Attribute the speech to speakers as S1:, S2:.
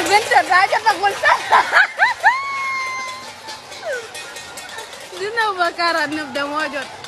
S1: البنت الراجل تقول دينا وبكارة نبدأ موجود